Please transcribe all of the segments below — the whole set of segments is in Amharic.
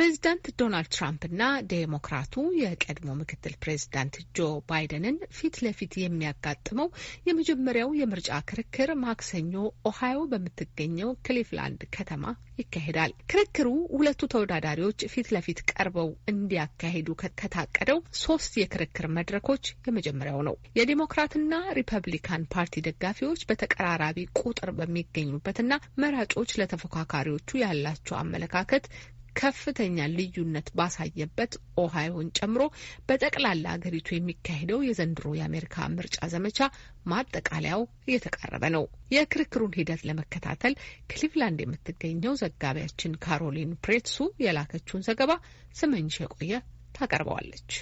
ፕሬዚዳንት ዶናልድ ትራምፕና ዴሞክራቱ የቀድሞ ምክትል ፕሬዚዳንት ጆ ባይደንን ፊት ለፊት የሚያጋጥመው የመጀመሪያው የምርጫ ክርክር ማክሰኞ ኦሃዮ በምትገኘው ክሊፍላንድ ከተማ ይካሄዳል። ክርክሩ ሁለቱ ተወዳዳሪዎች ፊት ለፊት ቀርበው እንዲያካሂዱ ከታቀደው ሶስት የክርክር መድረኮች የመጀመሪያው ነው። የዴሞክራትና ሪፐብሊካን ፓርቲ ደጋፊዎች በተቀራራቢ ቁጥር በሚገኙበትና መራጮች ለተፎካካሪዎቹ ያላቸው አመለካከት ከፍተኛ ልዩነት ባሳየበት ኦሃዮን ጨምሮ በጠቅላላ አገሪቱ የሚካሄደው የዘንድሮ የአሜሪካ ምርጫ ዘመቻ ማጠቃለያው እየተቃረበ ነው። የክርክሩን ሂደት ለመከታተል ክሊቭላንድ የምትገኘው ዘጋቢያችን ካሮሊን ፕሬትሱ የላከችውን ዘገባ ስመኝሽ የቆየ ታቀርበዋለች።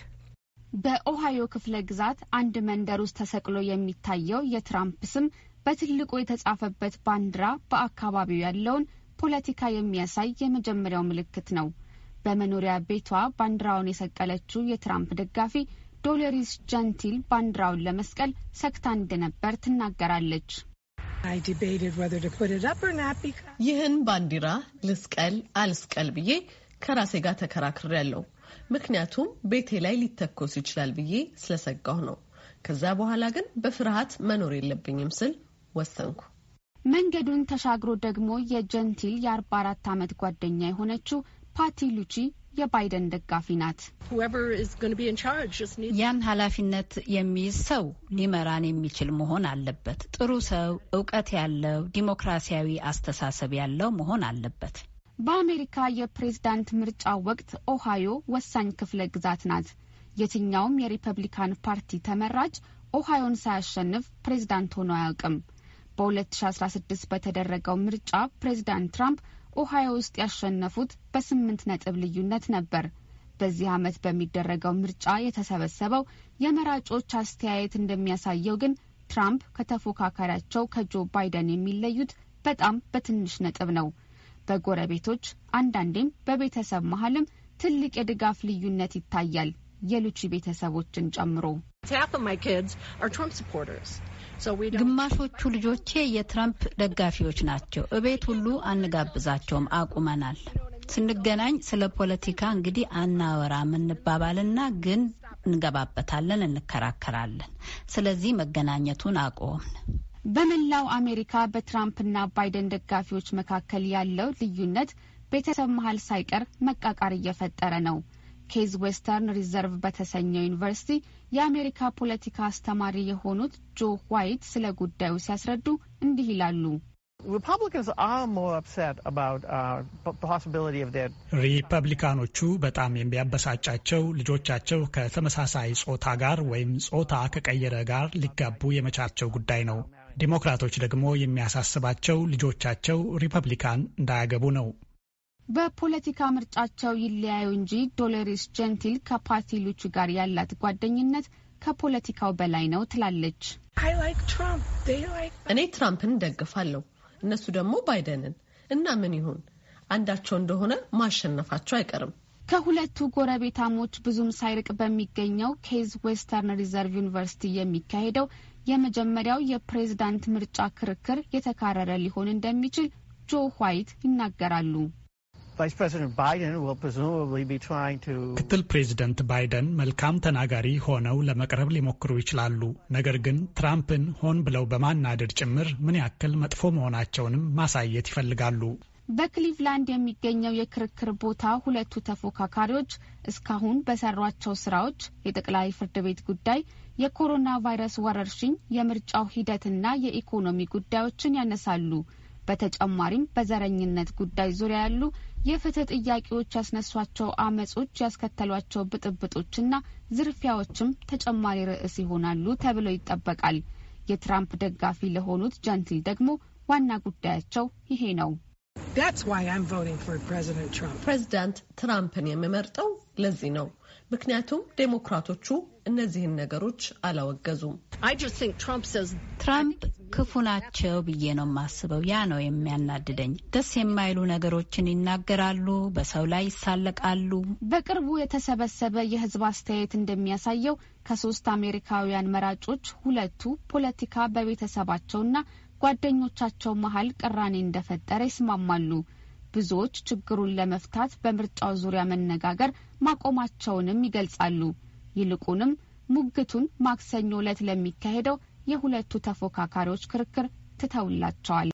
በኦሃዮ ክፍለ ግዛት አንድ መንደር ውስጥ ተሰቅሎ የሚታየው የትራምፕ ስም በትልቁ የተጻፈበት ባንዲራ በአካባቢው ያለውን ፖለቲካ የሚያሳይ የመጀመሪያው ምልክት ነው። በመኖሪያ ቤቷ ባንዲራውን የሰቀለችው የትራምፕ ደጋፊ ዶሎሪስ ጀንቲል ባንዲራውን ለመስቀል ሰግታ እንደነበር ትናገራለች። ይህን ባንዲራ ልስቀል አልስቀል ብዬ ከራሴ ጋር ተከራክሬ ያለው ምክንያቱም ቤቴ ላይ ሊተኮስ ይችላል ብዬ ስለሰጋሁ ነው። ከዛ በኋላ ግን በፍርሃት መኖር የለብኝም ስል ወሰንኩ። መንገዱን ተሻግሮ ደግሞ የጀንቲል የ44 ዓመት ጓደኛ የሆነችው ፓቲ ሉቺ የባይደን ደጋፊ ናት። ያን ኃላፊነት የሚይዝ ሰው ሊመራን የሚችል መሆን አለበት። ጥሩ ሰው፣ እውቀት ያለው፣ ዲሞክራሲያዊ አስተሳሰብ ያለው መሆን አለበት። በአሜሪካ የፕሬዝዳንት ምርጫ ወቅት ኦሃዮ ወሳኝ ክፍለ ግዛት ናት። የትኛውም የሪፐብሊካን ፓርቲ ተመራጭ ኦሃዮን ሳያሸንፍ ፕሬዝዳንት ሆኖ አያውቅም። በ2016 በተደረገው ምርጫ ፕሬዚዳንት ትራምፕ ኦሃዮ ውስጥ ያሸነፉት በስምንት ነጥብ ልዩነት ነበር። በዚህ ዓመት በሚደረገው ምርጫ የተሰበሰበው የመራጮች አስተያየት እንደሚያሳየው ግን ትራምፕ ከተፎካካሪያቸው ከጆ ባይደን የሚለዩት በጣም በትንሽ ነጥብ ነው። በጎረቤቶች አንዳንዴም በቤተሰብ መሀልም ትልቅ የድጋፍ ልዩነት ይታያል፣ የሉቺ ቤተሰቦችን ጨምሮ። ግማሾቹ ልጆቼ የትራምፕ ደጋፊዎች ናቸው። እቤት ሁሉ አንጋብዛቸውም፣ አቁመናል። ስንገናኝ ስለ ፖለቲካ እንግዲህ አናወራም እንባባልና ግን እንገባበታለን፣ እንከራከራለን። ስለዚህ መገናኘቱን አቆምን። በመላው አሜሪካ በትራምፕና ባይደን ደጋፊዎች መካከል ያለው ልዩነት ቤተሰብ መሀል ሳይቀር መቃቃር እየፈጠረ ነው። ኬዝ ዌስተርን ሪዘርቭ በተሰኘው ዩኒቨርሲቲ የአሜሪካ ፖለቲካ አስተማሪ የሆኑት ጆ ዋይት ስለ ጉዳዩ ሲያስረዱ እንዲህ ይላሉ። uh, ሪፐብሊካኖቹ በጣም የሚያበሳጫቸው ልጆቻቸው ከተመሳሳይ ጾታ ጋር ወይም ጾታ ከቀየረ ጋር ሊጋቡ የመቻቸው ጉዳይ ነው። ዲሞክራቶች ደግሞ የሚያሳስባቸው ልጆቻቸው ሪፐብሊካን እንዳያገቡ ነው። በፖለቲካ ምርጫቸው ይለያዩ እንጂ ዶሎሪስ ጀንቲል ሉቹ ጋር ያላት ጓደኝነት ከፖለቲካው በላይ ነው ትላለች። እኔ ትራምፕን ደግፋለሁ፣ እነሱ ደግሞ ባይደንን እና ምን ይሁን አንዳቸው እንደሆነ ማሸነፋቸው አይቀርም። ከሁለቱ ጎረቤታሞች ብዙም ሳይርቅ በሚገኘው ኬዝ ዌስተርን ሪዘርቭ ዩኒቨርሲቲ የሚካሄደው የመጀመሪያው የፕሬዝዳንት ምርጫ ክርክር የተካረረ ሊሆን እንደሚችል ጆ ዋይት ይናገራሉ። ምክትል ፕሬዚደንት ባይደን መልካም ተናጋሪ ሆነው ለመቅረብ ሊሞክሩ ይችላሉ። ነገር ግን ትራምፕን ሆን ብለው በማናደድ ጭምር ምን ያክል መጥፎ መሆናቸውንም ማሳየት ይፈልጋሉ። በክሊቭላንድ የሚገኘው የክርክር ቦታ ሁለቱ ተፎካካሪዎች እስካሁን በሰሯቸው ስራዎች የጠቅላይ ፍርድ ቤት ጉዳይ፣ የኮሮና ቫይረስ ወረርሽኝ፣ የምርጫው ሂደትና የኢኮኖሚ ጉዳዮችን ያነሳሉ። በተጨማሪም በዘረኝነት ጉዳይ ዙሪያ ያሉ የፍትህ ጥያቄዎች ያስነሷቸው አመጾች ያስከተሏቸው ብጥብጦችና ዝርፊያዎችም ተጨማሪ ርዕስ ይሆናሉ ተብሎ ይጠበቃል። የትራምፕ ደጋፊ ለሆኑት ጀንቲል ደግሞ ዋና ጉዳያቸው ይሄ ነው። ፕሬዚዳንት ትራምፕን የምመርጠው ለዚህ ነው። ምክንያቱም ዴሞክራቶቹ እነዚህን ነገሮች አላወገዙም። ትራምፕ ክፉ ናቸው ብዬ ነው የማስበው። ያ ነው የሚያናድደኝ። ደስ የማይሉ ነገሮችን ይናገራሉ፣ በሰው ላይ ይሳለቃሉ። በቅርቡ የተሰበሰበ የህዝብ አስተያየት እንደሚያሳየው ከሶስት አሜሪካውያን መራጮች ሁለቱ ፖለቲካ በቤተሰባቸውና ጓደኞቻቸው መሀል ቅራኔ እንደፈጠረ ይስማማሉ። ብዙዎች ችግሩን ለመፍታት በምርጫው ዙሪያ መነጋገር ማቆማቸውንም ይገልጻሉ። ይልቁንም ሙግቱን ማክሰኞ ዕለት ለሚካሄደው የሁለቱ ተፎካካሪዎች ክርክር ትተውላቸዋል።